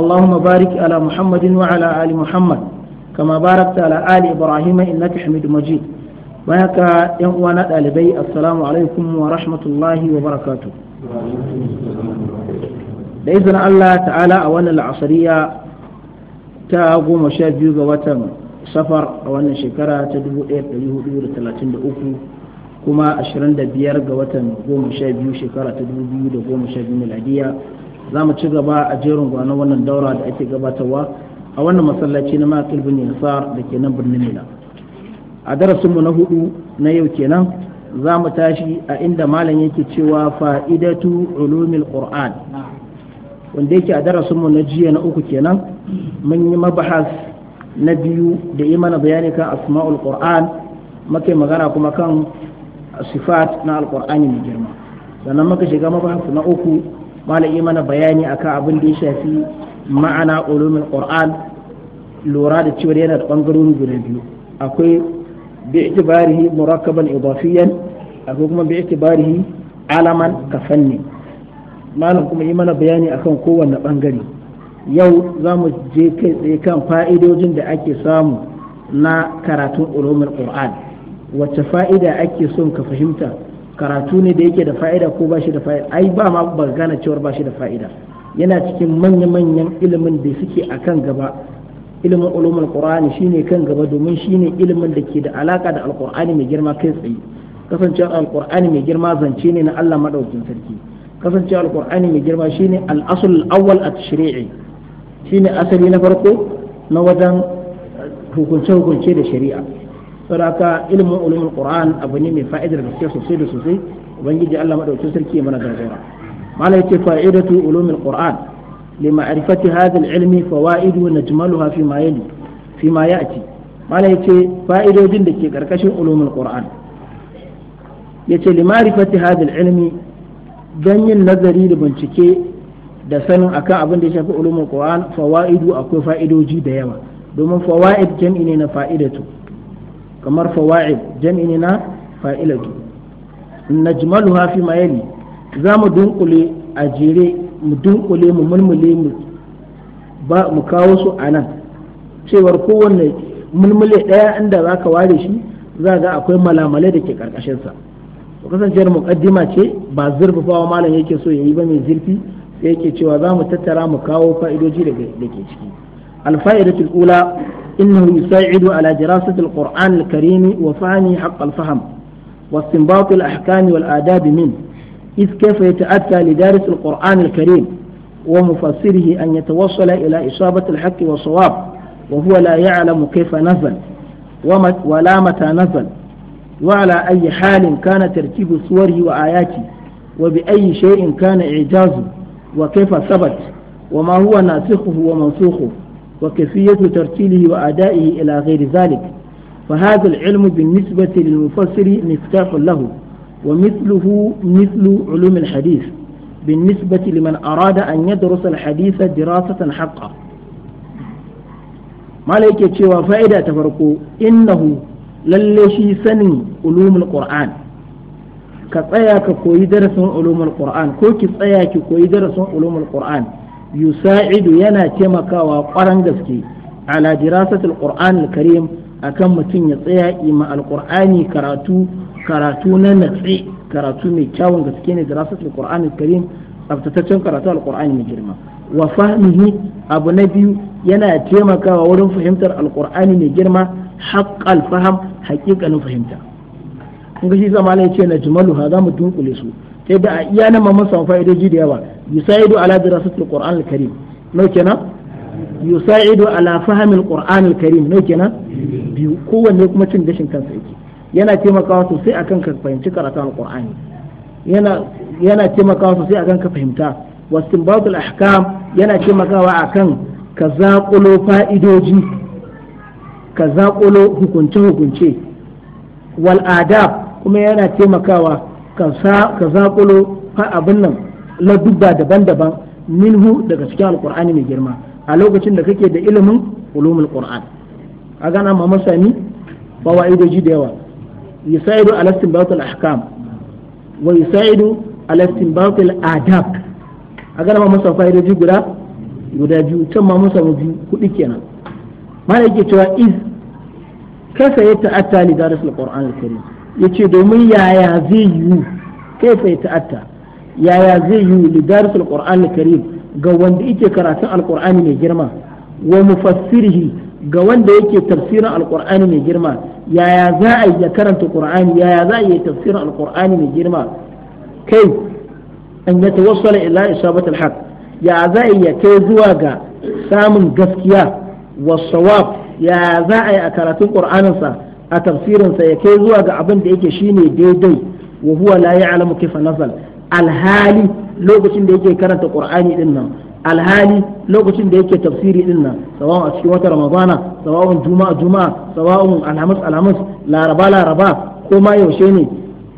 اللهم بارك على محمد وعلى آل محمد كما باركت على آل إبراهيم إنك حميد مجيد وهكا يوانا ɗalibai assalamu alaikum wa rahmatullahi wa barakatu da izinin Allah ta'ala a wannan la'asariya ta goma sha ga watan safar a wannan shekara ta 1433 kuma 25 ga watan goma sha shekara ta 2012 miladiya za mu ci gaba a jerin gwanon wannan daura da ake gabatarwa a wannan masallaci na makil bin yasar da ke nan birnin mina a darasinmu na hudu na yau kenan za mu tashi a inda malam yake cewa fa'idatu ulumil qur'an wanda yake a darasinmu na jiya na uku kenan mun yi mabahas na biyu da yi mana bayani kan asma'ul qur'an muke magana kuma kan sifat na alqur'ani mai girma sannan muka shiga mabahas na uku yi mana bayani akan abin da ya shafi ma'ana ulumin qur'an lura da cewa yana da bangarori guda biyu akwai bi'tibarihi murakkaban idafiyan akwai kuma bi'tibarihi alaman kafanni malam kuma yi mana bayani akan kowanne ɓangare. yau za mu je kai tsaye kan fa'idojin da ake samu na karatun ulumin qur'an wacce fa'ida ake son ka fahimta karatu ne da yake da fa'ida ko ba shi da fa'ida ai ba ma ba gane cewar ba shi da fa'ida yana cikin manya-manyan ilimin da suke a kan gaba ilimin ulumul qur'ani shine kan gaba domin shine ilimin da ke da alaka da alqur'ani mai girma kai tsaye kasancewar alqur'ani mai girma zance ne na Allah madaukakin sarki kasancewar alqur'ani mai girma shine al-asl al-awwal at-shari'i shine asali na farko na wajen hukunce-hukunce da shari'a saraka ilmin ulumin qur'an abu ne mai fa'idar da suke sosai da sosai ubangiji Allah madaukakin sarki mana da zaura malai ce fa'idatu ulumin qur'an lima arifati hadha ilmi fawaidu wa najmaluha fi ma yali fi ma fa'idodin da ke karkashin ulumin qur'an yace lima arifati hadha ilmi ganyen nazari da bincike da sanin akan abin da ya shafi ulumin qur'an fawaidu akwai fa'idodi da yawa domin fawaid jam'i ne na fa'idatu kamar fawa'id jami'in na fa'ilatu najmaluha fi ma yali za mu dunkule a jere mu dunkule mu mulmule mu ba mu kawo su a nan cewar kowanne mulmule ɗaya inda za ka ware shi za ga akwai malamalai da ke ƙarƙashinsa to kasancewar muƙaddima ce ba zurfafawa malam yake so ya yi ba mai zurfi sai yake cewa za mu tattara mu kawo fa'idoji da ke ciki alfa'idatul ula إنه يساعد على دراسة القرآن الكريم وفهمه حق الفهم واستنباط الأحكام والآداب منه إذ كيف يتأتى لدارس القرآن الكريم ومفسره أن يتوصل إلى إصابة الحق والصواب وهو لا يعلم كيف نزل ولا متى نزل وعلى أي حال كان ترتيب صوره وآياته وبأي شيء كان إعجازه وكيف ثبت وما هو ناسخه ومنسوخه وكيفية ترتيله وأدائه إلى غير ذلك فهذا العلم بالنسبة للمفسر مفتاح له ومثله مثل علوم الحديث بالنسبة لمن أراد أن يدرس الحديث دراسة حقا مالك تشوى فائدة تفرقوا إنه للشي سن علوم القرآن كطيا كوي درس علوم القرآن كوكي طيا كوي درس علوم القرآن yusa yusa'idu yana taimakawa ƙwaran gaske ala dirasatul qur'anil karim akan mutum ya tsaya ima alqur'ani karatu karatu na natsi karatu mai kyawun gaske ne dirasatul qur'anil karim tsaftataccen karatu alqur'ani mai girma wa fahmihi abu na biyu yana taimakawa wurin fahimtar alqur'ani mai girma haqqal faham haƙiƙanin fahimta kun ga shi zama ne ce na jimalu ha mu dunkule su sai da a iya nan mun samu fa'idoji da yawa yusaidu ala dirasati alquran alkarim nau kenan yusaidu ala fahmi alquran alkarim nau kenan biyu kowanne kuma cin gashin kansa yake yana taimakawa sosai akan ka fahimci karatu alqur'ani yana taimakawa sosai akan ka fahimta wastinbat al-ahkam yana taimakawa akan ka zaƙulo fa'idoji ka zaƙulo hukunce-hukunce wal kuma yana taimakawa ka zaƙulo abin nan ladubba daban-daban minhu daga cikin alqur'ani mai girma a lokacin da kake da ilimin ulumul qur'an a gana ma masani ji da yawa yusaidu ala istinbat al ahkam wa yusaidu ala istinbat al adab a gana ma masa fa'idoji guda guda biyu can ma masa biyu hudu kenan mana yake cewa iz kasa ya ta'atta li darasul qur'an al karim yace domin yaya zai yi kai fa ta'atta yaya zai yi lidarisul qur'ani karim ga wanda yake karatun alqur'ani mai girma wa mufassirihi ga wanda yake tafsirin alqur'ani mai girma yaya za a yi karanta qur'ani yaya za a yi tafsirin alqur'ani mai girma kai an ya tawassala ila isabatul alhaq ya za a yi kai zuwa ga samun gaskiya wa sawab ya za a yi a karatun qur'aninsa a tafsirinsa ya kai zuwa ga abin da yake shine daidai wa huwa la ya'lamu kaifa nazal alhali lokacin da yake karanta qur'ani din nan alhali lokacin da yake tafsiri din nan sawa'un a cikin wata ramadana sawa'un juma'a juma'a sawa'un alhamis alhamis laraba laraba ko ma yaushe ne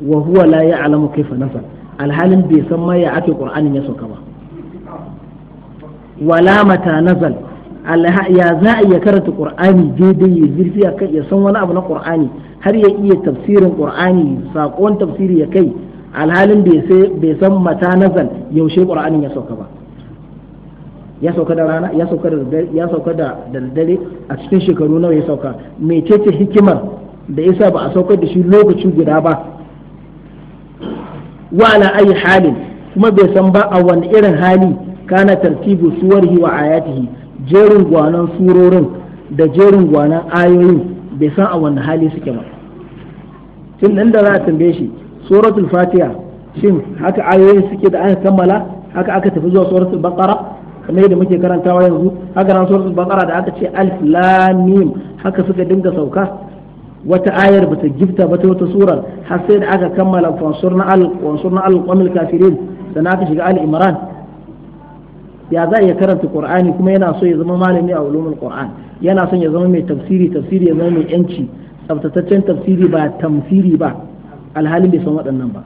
wa huwa la ya'lamu kayfa nasa alhalin bai san ma ya ake qur'ani ya sauka ba wala mata nazal ya za a iya karanta qur'ani daidai ya zirfi ya san wani abu na qur'ani har ya iya tafsirin qur'ani sakon tafsiri ya kai alhalin bai san mata nazal yaushe qur'anin ya sauka ba ya sauka da rana ya sauka da ya sauka da daddare a cikin shekaru nawa ya sauka mecece hikimar da isa ba a sauka da shi lokaci guda ba wa ala ayi halin kuma bai san ba a wani irin hali kana tartibu suwarhi wa ayatihi jerin gwanan surorin da jerin gwanan ayoyin bai san a wani hali suke ba tun nan da za a tambaye shi suratul fatiha shin haka ayoyin suke da aka kammala haka aka tafi zuwa suratul baqara kamar yadda muke karantawa yanzu haka nan suratul baqara da aka ce alif lam mim haka suka dinga sauka wata ayar bata gifta ba ta wata surar har sai da aka kammala fansurna al wansurna al qamil kafirin sannan aka shiga al imran ya za iya karanta qur'ani kuma yana so ya zama malami a ulumul qur'an yana son ya zama mai tafsiri tafsiri ya zama mai yanci tsaftataccen tafsiri ba tamsiri ba alhalin bai san waɗannan ba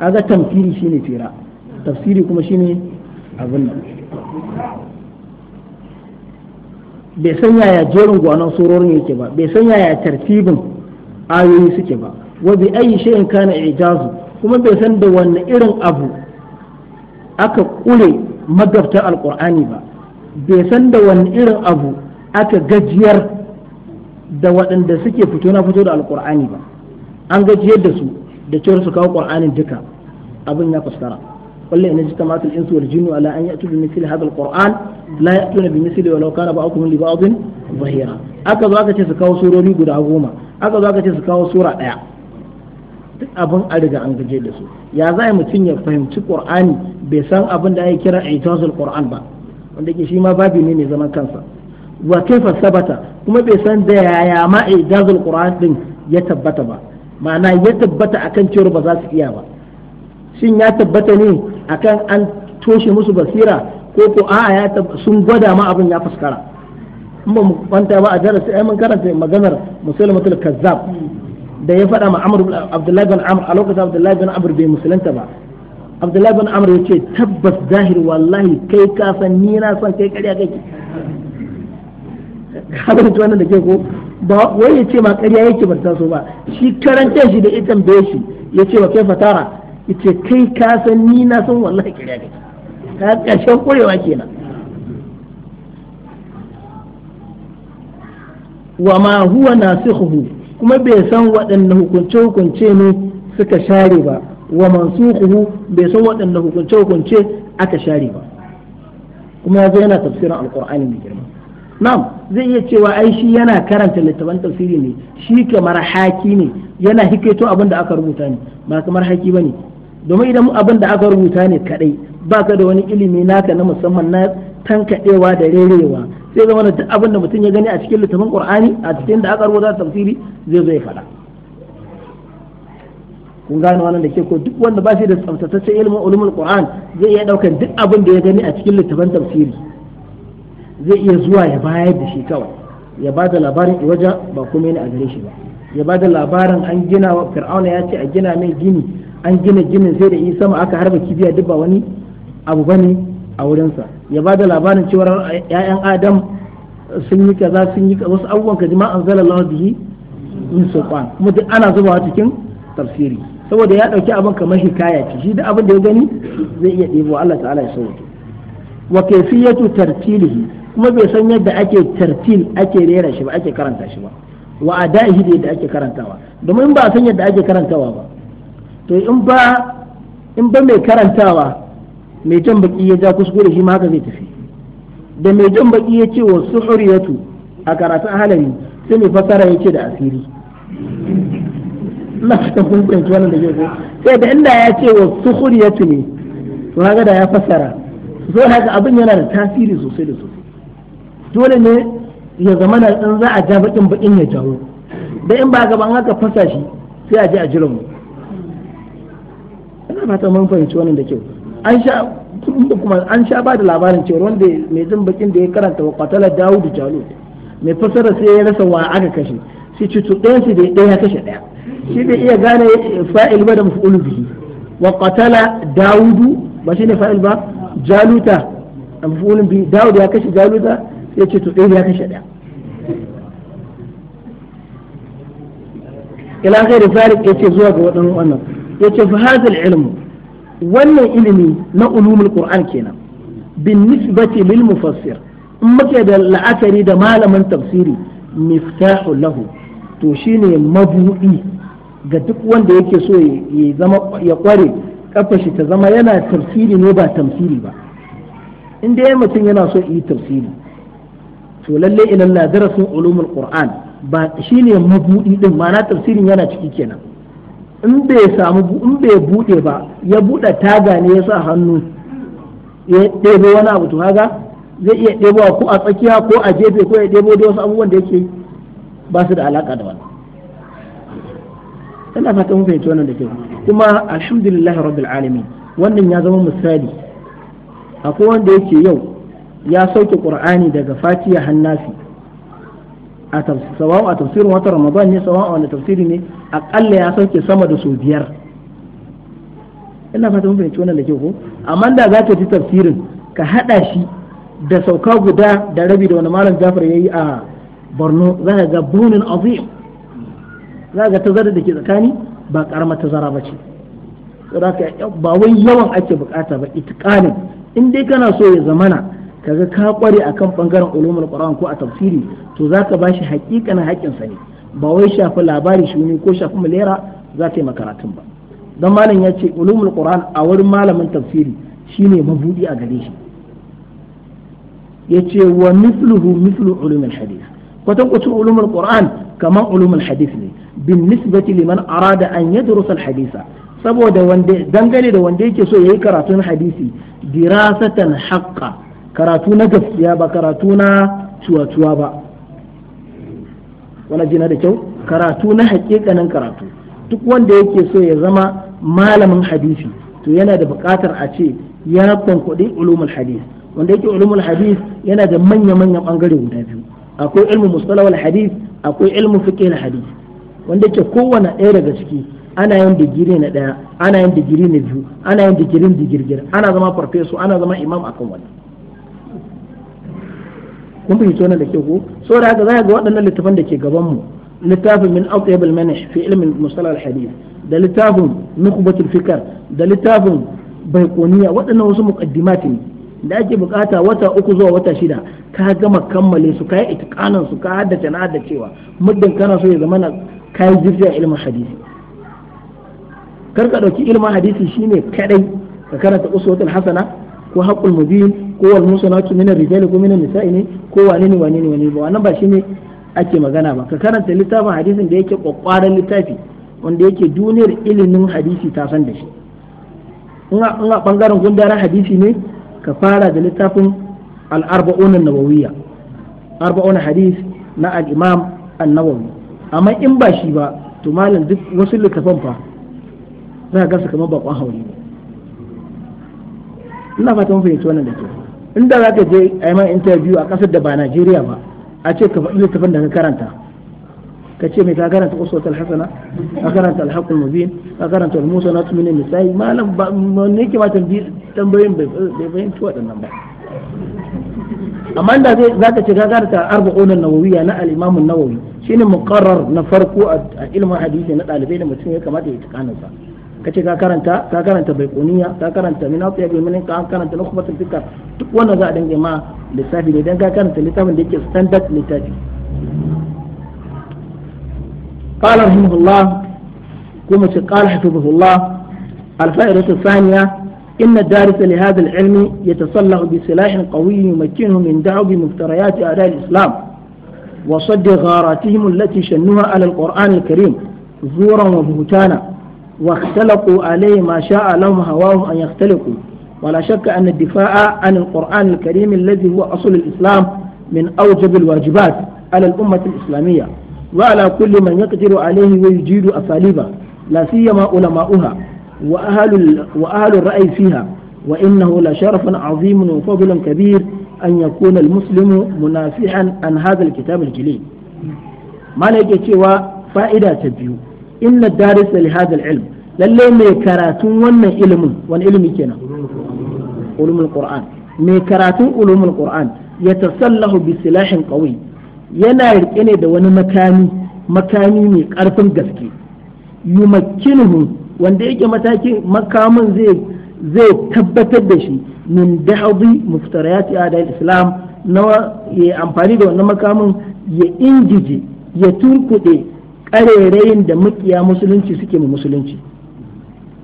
aga tamfiri shine fira tafsiri kuma shine abin nan bai san yaya jerin gwanon sororin yake ba bai san yaya tartibin ayoyi suke ba wa bi ayi shay'in kana ijazu kuma bai san da wani irin abu aka kule magabtar alkur'ani ba bai san da wani irin abu aka gajiyar da waɗanda suke fito na fito da alkur'ani ba an gajiyar da su da cewar su kawo qur'anin duka abin ya fuskara kullu in ijtama'at al-insu wal jinnu ala an ya'tu bi mithli hadha al-qur'an la ya'tuna bi mithli walau kana ba'dhum li ba'dhin zahira aka zo aka ce su kawo surori guda goma aka zo aka ce su kawo sura daya duk abin an riga an gaje da su ya za a mutum ya fahimci qur'ani bai san abin da ake kira itazul qur'an ba wanda ke shi ma babi ne mai zaman kansa wa kaifa sabata kuma bai san da yaya ma itazul qur'an din ya tabbata ba ma'ana ya tabbata akan cewar ba za su iya ba shin ya tabbata ne akan an toshe musu basira ko ko a'a ya sun gwada ma abin ya fuskara in ba mu kwanta ba a darasi ai mun karanta maganar musulmatul kazzab da ya faɗa ma amr abdullahi bin amr a lokacin abdullahi bin amr bai musulunta ba abdullahi bin amr ya ce tabbas zahir wallahi kai ka san ni na san kai kariya kake ka fahimci wannan da ke ko ba wai ya ce ma ƙarya yake ba ta so ba shi karantar shi da ita bai shi ya ce wa kai fatara ya kai ka san ni na san wallahi ƙarya kake ka ƙarshen ƙurewa kenan wa ma huwa nasikhu kuma bai san waɗanne hukunce-hukunce ne suka share ba wa mansukhu bai san waɗanne hukunce-hukunce aka share ba kuma ya yana tafsirin alƙur'ani mai girma na'am zai iya cewa ai shi yana karanta littafan tafsiri ne shi kamar haki ne yana hikaito abin da aka rubuta ne ba kamar haki ba ne domin idan abin da aka rubuta ne kadai ba ka da wani ilimi naka na musamman na tankaɗewa da rerewa sai zama da abin da mutum ya gani a cikin littafin qur'ani a cikin da aka rubuta tafsiri zai zo ya faɗa kun gane wannan da ke ko duk wanda ba shi da tsaftataccen ilimin ulumul qur'an zai iya ɗaukar duk abin da ya gani a cikin littafin tafsiri zai iya zuwa ya bayar da shi kawai ya ba labarin iwaja ba kuma yana a gare shi ba ya bada da labarin an gina wa fir'auna ya ce a gina mai gini an gina ginin sai da isa sama aka harba kibiya duk ba wani abu bane a wurinsa ya bada labarin cewar 'ya'yan adam sun yi kaza sun yi wasu abubuwan ka jima an zala lawa bihi min sultan kuma duk ana zubawa cikin tafsiri saboda ya dauki abin kamar hikaya ce shi da abin da ya gani zai iya ɗebo Allah ta'ala ya sauke wa kaifiyatu tartilihi kuma bai san yadda ake tartil ake rera shi ba ake karanta shi ba wa adaihi da yadda ake karantawa domin in ba san yadda ake karantawa ba to in ba in ba mai karantawa mai jan baki ya ja kuskure shi ma haka zai tafi da mai jan baki ya ce wa suhuriyatu a karatun halari sai mai fasara ya ce da asiri na fata kunkun fahimci wannan da yake sai da inda ya ce wa suhuriyatu ne to haka da ya fasara so haka abin yana da tasiri sosai da sosai dole ne ya zama na in za a ja bakin bakin ya jawo da in ba gaban haka fasa shi sai a je a jiran mu ina fata mun fahimci wannan da kyau an sha kuma an sha ba da labarin cewa wanda mai jin bakin da ya karanta wa kwatala Dawud Jalut mai fasara sai ya rasa wa aka kashe shi cutu ɗaya su da ɗaya kashe ɗaya shi bai iya gane fa'il ba da maf'ul bihi wa qatala Dawud ba shine fa'il ba Jaluta maf'ul bihi Dawud ya kashe Jaluta ya ce to ɗaya ya kashe ɗaya ila ghairi zalik yace zuwa ga wadannan wannan yace fa hadha ilmu wannan ilimi na ulumul qur'an kenan bin nisbati lil mufassir in muke da la'akari da malamin tafsiri miftahu lahu to shine mabudi ga duk wanda yake so ya zama ya kware kafashi shi ta zama yana tafsiri ne ba tamsiri ba in dai mutum yana so yi tafsiri to lalle la darasin ulumul qur'an ba shine mabudi din ma'ana tafsirin yana ciki kenan in bai samu in bai bude ba ya bude taga ne ya sa hannu ya ɗebo wani abu to kaga zai iya ɗebowa ko a tsakiya ko a jefe ko ya ɗebo da wasu abubuwan da yake ba su da alaka da wani ina fata mun fahimci wannan da kyau kuma alhamdulillah rabbil alamin wannan ya zama misali akwai wanda yake yau ya sauke qur'ani daga fatiha hannafi a sawa'u a tafsirin watan ramadan ne sawa'u wani tafsiri ne akalla ya sauke sama da sau biyar ina fata mun fahimci wannan da ke ko amma da za ka ji tafsirin ka hada shi da sauka guda da rabi da wani malam jafar yayi a borno za ka ga bunin azim za ka ga tazara da ke tsakani ba karamar tazara ba ce ba wai yawan ake bukata ba itikanin in dai kana so ya zamana kaga ka kware akan bangaren ulumul qur'an ko a tafsiri to zaka bashi haƙiƙanin haƙƙin sa ne ba wai shafi labari shuni ko shafi milera za ta yi makaratun ba dan malam ya ce ulumul qur'an a wurin malamin tafsiri shine mabudi a gare shi yace wa mithluhu mithlu ulumul hadith kwatan kwatan ulumul qur'an kaman ulumul hadith ne bin nisbati liman arada an yadrusa al hadisa saboda wanda dangane da wanda yake so yayi karatun hadisi dirasatan haqqa karatu na gaskiya ba karatu na cuwa-cuwa ba wani jina da kyau karatu na hakikanin karatu duk wanda yake so ya zama malamin hadisi to yana da bukatar a ce ya kwankwaɗi ulumul hadis wanda yake ulumul hadis yana da manya-manyan ɓangare guda biyu akwai ilmu mustalawal hadis akwai ilmu fiqhil hadis wanda yake kowane ɗaya daga ciki ana yin digiri na ɗaya ana yin digiri na biyu ana yin digirin digirgir ana zama farfesu ana zama imam akan wani kun fahimci wannan da ke ko da haka za ga waɗannan littafan da ke gaban mu littafin min aqyab al fi ilmin mustalah hadith da littafin nukhbat al da littafin baiqoniya waɗannan wasu muqaddimat ne da ake bukata wata uku zuwa wata shida ka gama kammale su ka yi itikanin su ka haddace na cewa muddin kana so ya zama na kai yi jirgin ilimin hadisi kar ka ɗauki ilimin hadisi shine kadai ka karanta uswatul hasana ko haqqul mubin ko wal musanatu min ar-rijali ko min an-nisa'i ne ko wane ne wane ne wane ba wannan ba shine ake magana ba ka karanta littafin hadisin da yake kwakwaran littafi wanda yake duniyar ilimin hadisi ta san da shi in a bangaren gundara hadisi ne ka fara da littafin al-arba'un an-nawawiyya arba'un hadis na al-imam an-nawawi amma in ba shi ba to malam duk wasu littafan fa za ka gasa kamar bakon hauri ne ina fata mun fahimci wannan da ke inda za ka je a yi man interview a kasar da ba Najeriya ba a ce ka faɗi littafin da ka karanta ka ce mai ka karanta uswat al-hasana ka karanta al-haqqul mubin ka karanta al musa na an-nisa'i malam ba ne ke ma tambayoyin bai fahimci waɗannan ba amma inda za ka ce ka karanta arba'un an-nawawiyya na al-imam an-nawawi shine muqarrar na farko a ilmin hadisi na ɗalibai da mutum ya kamata ya tukanin sa kace ka karanta ka karanta baiquniya ka karanta min atiya bi min ka karanta nukhbatul fikr duk wannan za a dinga ma lissafi ne dan ka karanta littafin da yake standard littafi قال رحمه الله كما قال حفظه الله الفائدة الثانية إن الدارس لهذا العلم يتسلح بسلاح قوي يمكنه من دعوة بمفتريات أعداء الإسلام وصد غاراتهم التي شنوها على القرآن الكريم زورا وبهتانا واختلقوا عليه ما شاء لهم هواهم أن يختلقوا ولا شك أن الدفاع عن القرآن الكريم الذي هو أصل الإسلام من أوجب الواجبات على الأمة الإسلامية وعلى كل من يقدر عليه ويجيد أساليبه لا سيما علماؤها وأهل, وأهل الرأي فيها وإنه لشرف عظيم وفضل كبير أن يكون المسلم منافحا عن هذا الكتاب الجليل ما لك فائدة تبيو inna darisa li hada ilm lalle mai karatun wannan ilimin wani ilimi kenan ulumul qur'an mai karatun ulumul qur'an ya tasallahu bi silahin qawi yana rike ne da wani makami makami mai karfin gaske yumakkinuhu wanda yake matakin makamin zai zai tabbatar da shi min dahdi muftariyati adal islam na ya amfani da wannan makamin ya ingije ya tunkuɗe ƙarerayin da makiya musulunci suke mu musulunci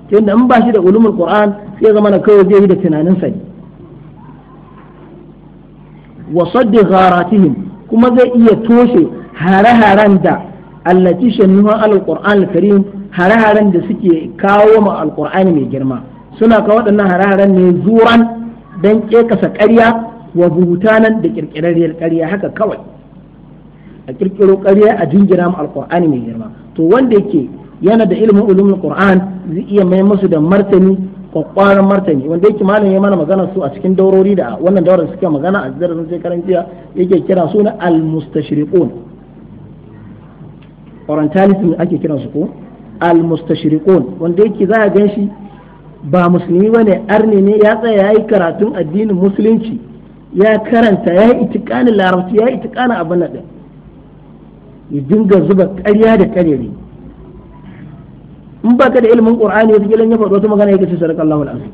tunda in ba shi da ulumul qur'an sai zama na kawai zai yi da tunanin sa ne wa saddi gharatihim kuma zai iya toshe hare-haren da allati shannuha al-qur'an al-karim hare-haren da suke kawo ma al mai girma suna kawo waɗannan hare-haren ne zuran dan kekasa ƙarya wa buhutanan da ƙirƙirarriyar ƙarya haka kawai a kirkiro ƙarya a jingina mu Alƙur'ani mai girma to wanda yake yana da ilimin ulumul qur'an zai iya mai musu da martani kwakwaran martani wanda yake malam ya mana magana su a cikin daurori da wannan daurar suke magana a darasin shekaran jiya yake kira su na almustashriqun orientalism ake kira su ko al wanda yake za a ganshi ba musulmi bane arne ne ya tsaya yayi karatun addinin musulunci ya karanta ya yi itikanin larabci ya yi itikanin abin nan ya dinga zuba ƙarya da ƙarere in baka da ilimin ƙurani wata gilan ya faɗo wata magana ya kace sadaka Allahu alazim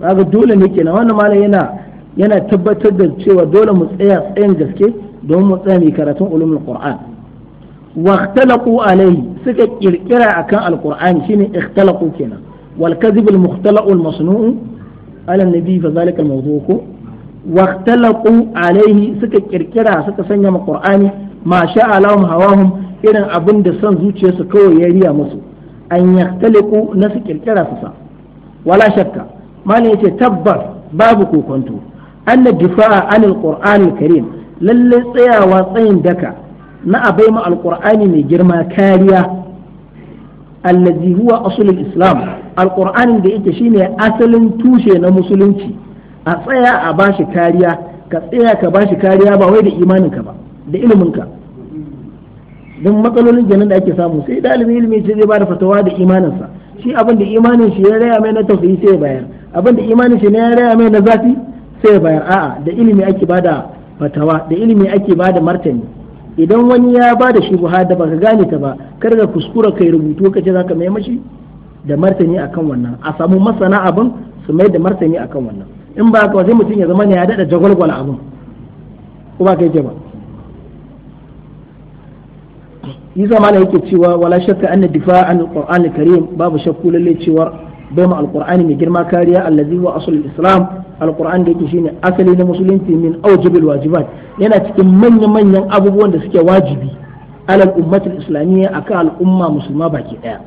kaga dole ne kenan wannan malam yana yana tabbatar da cewa dole mu tsaya tsayin gaske don mu tsaya mai karatun ulumul qur'an wa ikhtalaqu alayhi suka kirkira akan alqur'ani shine ikhtalaqu kenan wal kadhib al mukhtala'u al masnu'u ala nabi fa zalika mawdu'u wa ikhtalaqu alayhi suka kirkira suka sanya ma qur'ani ma sha'a lahum hawahum irin abin da son zuciyarsu kawai ya riya musu an taliku na su kirkira su sa wala shakka malam yace tabbas babu kokonto anna difa'a anil qur'anil karim lalle tsayawa tsayin daka na abai mu alqur'ani mai girma kariya allazi huwa aslul islam alqur'anin da yake shine asalin tushe na musulunci a tsaya a bashi kariya ka tsaya ka bashi kariya ba wai da imaninka ba da iliminka don matsalolin kenan da ake samu sai dalibin ilimi ce zai bada fatawa da imaninsa shi abin da imanin shi ya raya mai na tausayi sai ya bayar abin da imanin shi ya raya mai na zafi sai ya bayar a'a da ilimi ake bada fatawa da ilimi ake bada martani idan wani ya bada shi da baka gane ta ba kar ka kuskura kai rubutu ka ce zaka mai mashi da martani akan wannan a samu masana abin su mai da martani akan wannan in ba ka sai mutum ya zama ne ya dada jagwalgwala abin ko ba kai ce ba yi zama yake cewa wala shakka anna difa'a an alqur'ani karim babu shakku lalle cewa bai ma alqur'ani mai girma kariya allazi wa aslul islam alqur'an da yake shine asali na musulunci min awjibil wajibat yana cikin manyan manyan abubuwan da suke wajibi alal ummatul islamiyya akan al'umma musulma baki daya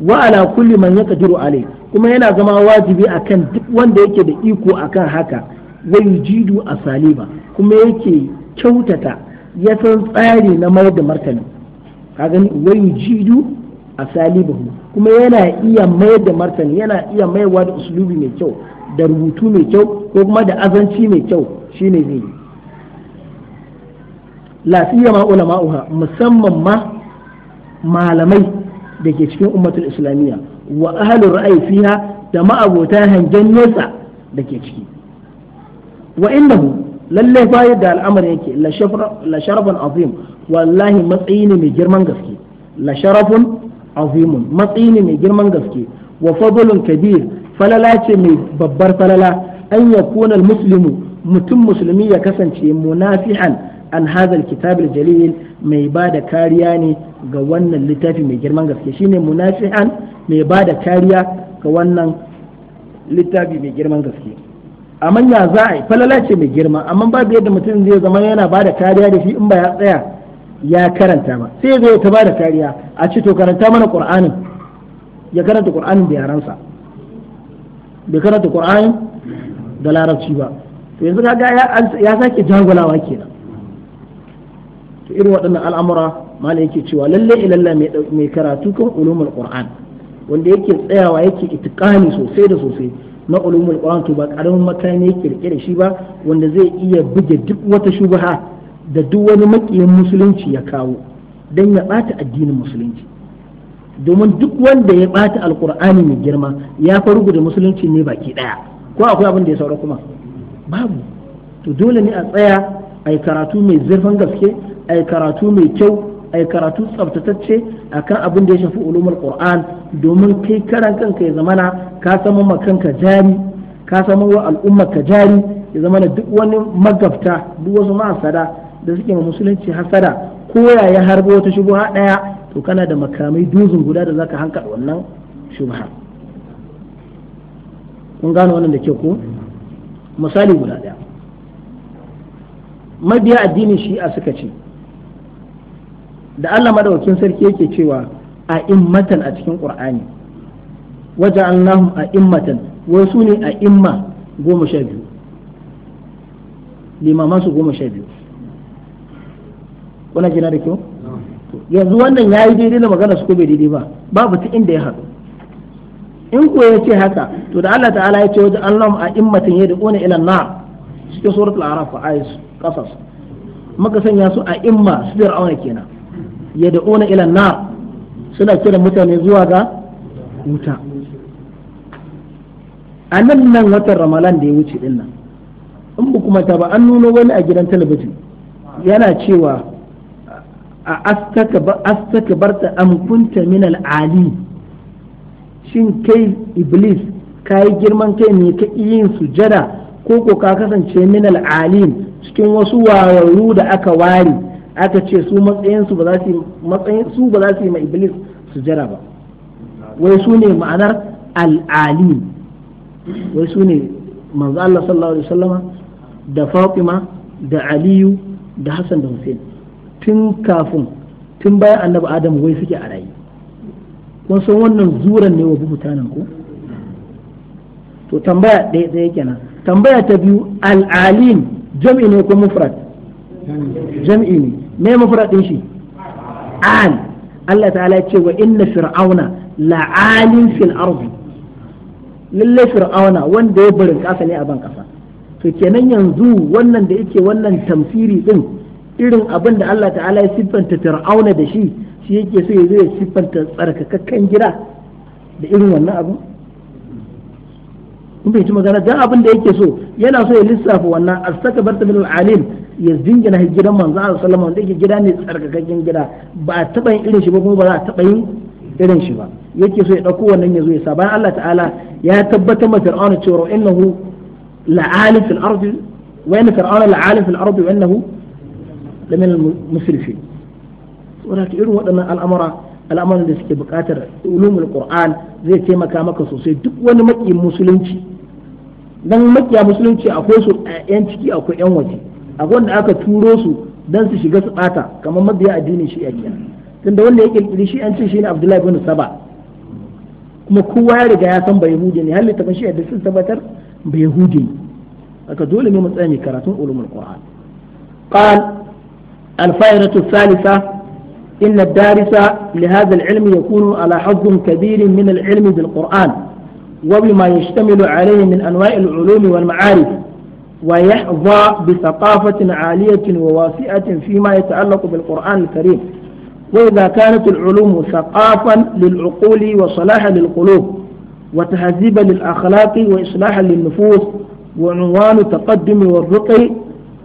wa ala kulli man yaqdiru alai kuma yana zama wajibi akan duk wanda yake da iko akan haka wa yujidu asaliba kuma yake kyautata ya san tsari na mayar da martani ka gani wayu jidu a salibahu kuma yana iya mayar da martani yana iya mayarwa da usulubi mai kyau da rubutu mai kyau ko kuma da azanci mai kyau shine zai yi lafiya ma uha musamman ma malamai da ke cikin ummatul islamiyya wa ahlur ra'ayi fiha da ma'abota hangen nesa da ke ciki wa innahu lalle fa yadda al'amar yake la sharafin azim wallahi matsayi ne mai girman gaske la sharafin azimun matsayi ne mai girman gaske wa fadlun kabir falala ce mai babbar falala an ya al-muslimu mutum musulmi ya kasance munafihan an hadal kitab jalil mai ba da kariya ne ga wannan littafi mai girman gaske shine munafihan mai ba da kariya ga wannan littafi mai girman gaske amma ya za a yi falala ce mai girma amma babu yadda mutum zai zama yana ba da kariya da shi in ba ya tsaya ya karanta ba sai ya zo ya ta ba da kariya a ce to karanta mana qur'anin ya karanta qur'anin da yaransa bai karanta qur'anin da larabci ba to yanzu kaga ya sake jagulawa kenan to irin waɗannan al'amura mala yake cewa lalle ilalla mai karatu kan ulumul qur'an wanda yake tsayawa yake itiqani sosai da sosai na ulumul qur'an to ba karamin makami yake da shi ba wanda zai iya buge duk wata shubha da duk wani makiyin musulunci ya kawo dan ya bata addinin musulunci domin duk wanda ya bata alqur'ani mai girma ya faru da musulunci ne baki daya ko akwai abin da ya saura kuma babu to dole ne a tsaya ai karatu mai zurfin gaske ai karatu mai kyau ai karatu tsaftatacce akan abin da ya shafi ulumul qur'an domin kai karan kanka ya zamana ka samu ma kanka jari ka samu wa al'umma ka jari ya zamana duk wani magabta duk wasu ma'asada da suke ma musulunci hasada ko ya ya harbo wata shubha daya to kana da makamai dozin guda da zaka hanka wannan shubha kun gano wannan da ke ko misali guda daya mabiya addinin shi'a suka ce da Allah madawacin sarki yake cewa a immatan a cikin qur'ani waja'alnahum a immatan wasu ne a imma goma sha biyu limaman su goma sha biyu kuna jina da kyau yanzu wannan ya yi daidai da magana su ko bai daidai ba babu ta inda ya haɗu in ko ya ce haka to da Allah ta'ala ya ce wajen Allah a immatan ya da ƙone ilan na cikin suratul araf a ayis kasas muka sanya su a imma su fir'auna kenan yad'una ila na suna kiran mutane zuwa ga wuta a nan nan watan ramalan da ya wuce din nan in ba kuma ta ba an nuno wani a gidan talabijin yana cewa a barta am kunta min al'ali shin kai iblis kayi girman kai ne ka yin sujada ko ko ka kasance min alim cikin wasu wawaru da aka ware aka ce su matsayinsu ba za su matsayin su ba za su yi ma iblis su jira ba wai su ne ma'anar al'alim wai su ne manzo Allah sallallahu alaihi wasallam da Fatima da Aliyu da Hassan da Hussein tun kafin tun bayan annabi Adam wai suke a rayi kun san wannan zuran ne wa mutanen ku to tambaya ɗaya ɗaya kenan tambaya ta biyu al'alim jam'i ne ko mufrad jam'i ne me ɗin shi an Allah ta'ala ce wa inna fir'auna la'alin fil ardi lalle fir'auna wanda ya barin kasa ne a ban kasa to kenan yanzu wannan da yake wannan tamsiri din irin abin da Allah ta'ala ya siffanta fir'auna da shi shi yake so ya zo ya siffanta tsarkakakken gida da irin wannan abin kun fahimci magana dan abin da yake so yana so ya lissafa wannan astakbarta min alim ya jingina gidan manzo Allah sallama wanda yake gida ne tsarkakakken gida ba a taba yin irin shi ba kuma ba za a taba yin irin shi ba yake so ya dauko wannan ya zo ya sa bayan Allah ta'ala ya tabbatar ma fir'auna cewa innahu la'alim fil ardi wa inna fir'auna la'alim fil ardi wa innahu lamin al-musrifin irin waɗannan al'amura al'amuran da suke buƙatar ulumul qur'an zai taimaka maka sosai duk wani maki musulunci dan makiya musulunci akwai su yan ciki akwai yan waje akwai wanda aka turo su dan su shiga su bata kamar mabiya addinin shi'a kenan tunda wanda ya kirkiri shi'anci shine Abdullahi bin Saba kuma kowa ya riga ya san ba ne halitta ban shi'a da sun tabbatar ba Yahudi ne haka dole ne mu tsaya karatun ulumul Qur'an qal al-fa'idatu thalitha darisa الدارس لهذا العلم يكون على حظ كبير من العلم qur'an. وبما يشتمل عليه من أنواع العلوم والمعارف ويحظى بثقافة عالية وواسعة فيما يتعلق بالقرآن الكريم وإذا كانت العلوم ثقافا للعقول وصلاحا للقلوب وتهذيبا للأخلاق وإصلاحا للنفوس وعنوان التقدم والرقي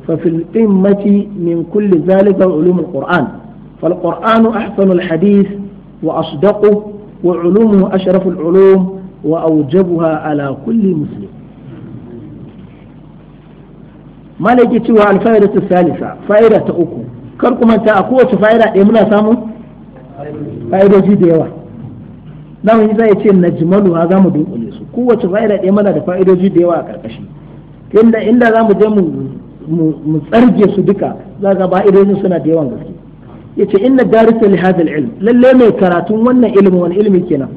ففي القمة من كل ذلك علوم القرآن فالقرآن أحسن الحديث وأصدقه وعلومه أشرف العلوم wa aujabuha ala kulli muslim malaki cewa alfaida ta salisa fa'ida ta uku kar kuma ta a kowace fa'ida ɗaya muna samun fa'idoji da yawa na wani ce na jimaluwa za mu dunkule su kowace fa'ida ɗaya muna da fa'idoji da yawa a ƙarƙashi inda inda je mu tsarge su duka za ga fa'idojin suna da yawan gaske yace inna darisa li hadha al-ilm lalle mai karatun wannan ilimin wani ilimi kenan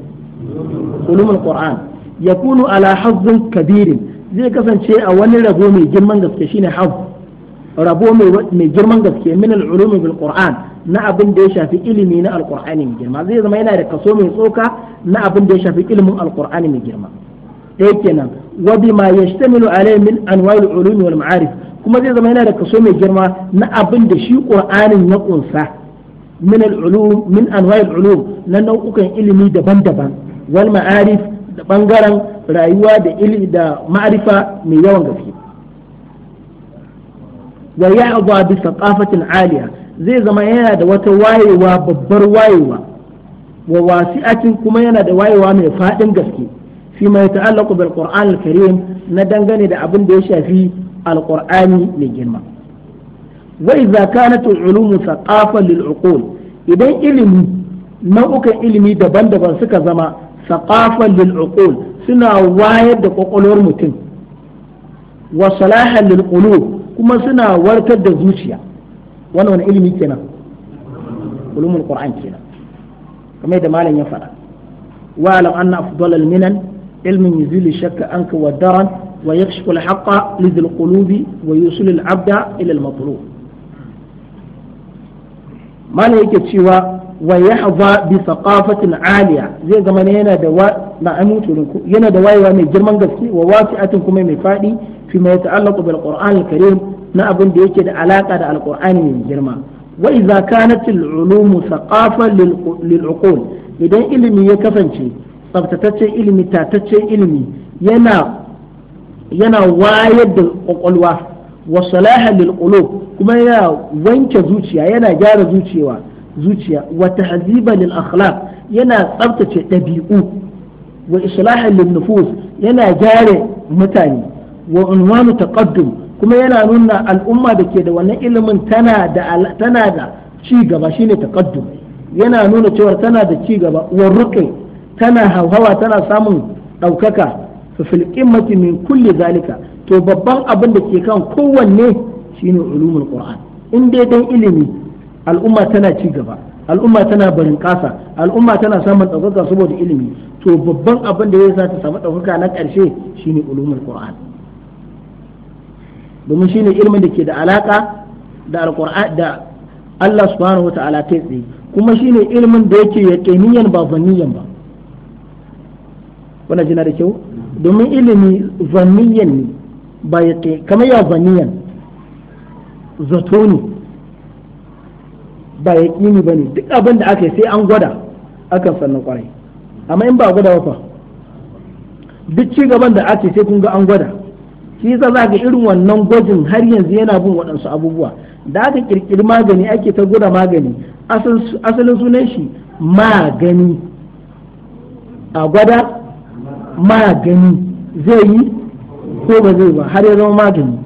ulumul qur'an yakunu ala hazzun kabirin zai kasance a wani rabo mai girman gaske shine haz rabo mai girman gaske min al qur'an na abin da ya shafi ilimi na mai girma zai zama yana da kaso mai tsoka na abin da ya shafi ilimin alqur'ani mai girma kenan wa bima yashtamilu alayhi min anwa'il kuma zai zama yana da kaso mai girma na abin da shi qur'anin ya kunsa min al-ulum min anwa'il ulum na nau'ukan ilimi daban-daban wal ma'arif da bangaren rayuwa da ilmi da ma'arifa mai yawan gaske wa abuwa bi saƙafatin aliya zai zama yana da wata wayewa babbar wayewa wa wasi'atin kuma yana da wayewa mai faɗin gaske fi mai ta'allaku bil qur'an al karim na dangane da abin da ya shafi al qur'ani mai girma wa idza kanat al ulum thaqafan lil uqul idan ilimi nau'ukan ilimi daban-daban suka zama saqafan lil uqul suna wayar da ƙwaƙwalwar mutum wa salahan lil kuma suna warkar da zuciya wannan wani ilimi kenan ulumul qur'an kenan kamar da malam ya faɗa wa alam anna afdalal minan ilmin yuzilu shakka anka wa daran wa yakshifu al haqqa lidhil qulubi wa yusilu al abda ila al matlub malam yake cewa wa yahza bi saqafatin aliya zai zama ne yana da na yana da wayewa mai girman gaske wa wasi'atin kuma mai fadi fi ma yata'allaqu bil qur'an karim na abin da yake da alaka da alqur'ani mai girma wa idza kanat al ulum saqafan lil uqul idan ilimi ya kasance tsabtataccen ilimi tataccen ilimi yana yana wayar da kwakwalwa wa salaha lil qulub kuma yana wanke zuciya yana gyara zuciya zuciya wa tahziba lil akhlaq yana tsabtace dabi'u wa islahan lin nufus yana gyara mutane wa unwanu taqaddum kuma yana nuna al'umma da ke da wannan ilimin tana da tana da ci gaba shine taqaddum yana nuna cewa tana da ci gaba wa ruqi tana hauhawa tana samun daukaka fa fil qimmati min kulli zalika to babban abin da ke kan kowanne shine ulumul qur'an in dai dan ilimi al'umma tana ci gaba al'umma tana barin kasa al'umma tana samun ɗaukaka saboda ilimi to babban abin da ya sa ta samu ɗaukaka na ƙarshe shine ulumul qur'an domin shine ilimin da ke da alaka da alqur'an da Allah subhanahu wata'ala kai tsaye kuma shine ilimin da yake yaqiniyan ba zanniyan ba wannan jina da kyau domin ilimi zanniyan ne ba yaqi kamar ya zanniyan zato ne ba ya kini ba ne duk abin da aka yi sai an gwada akan sannan kwarai amma in ba gwada wafa duk ci gaban da ake sai kun ga an gwada shi yasa za ga irin wannan gwajin har yanzu yana bin waɗansu abubuwa da aka kirkiri magani ake ta gwada magani asalin sunan shi magani a gwada magani zai yi ko ba zai ba har ya zama magani